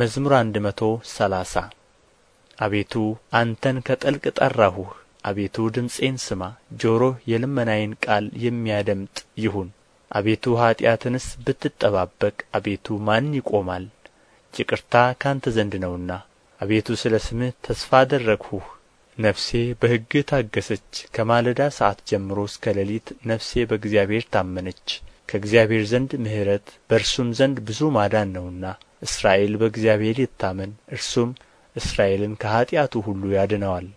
መዝሙር መቶ ሰላሳ አቤቱ አንተን ከጥልቅ ጠራሁህ። አቤቱ ድምፄን ስማ፣ ጆሮህ የልመናዬን ቃል የሚያደምጥ ይሁን። አቤቱ ኀጢአትንስ ብትጠባበቅ፣ አቤቱ ማን ይቆማል? ይቅርታ ካንተ ዘንድ ነውና፣ አቤቱ ስለ ስምህ ተስፋ አደረግሁህ። ነፍሴ በሕግህ ታገሰች። ከማለዳ ሰዓት ጀምሮ እስከ ሌሊት ነፍሴ በእግዚአብሔር ታመነች። ከእግዚአብሔር ዘንድ ምሕረት በእርሱም ዘንድ ብዙ ማዳን ነውና እስራኤል በእግዚአብሔር ይታመን እርሱም እስራኤልን ከኃጢአቱ ሁሉ ያድነዋል